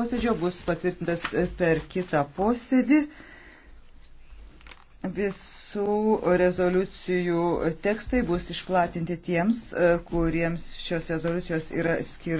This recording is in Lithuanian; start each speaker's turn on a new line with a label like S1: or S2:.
S1: posėdžio bus patvirtintas e, per kitą posėdį. Visų rezoliucijų tekstai bus išplatinti tiems, e, kuriems šios rezoliucijos yra skirtos.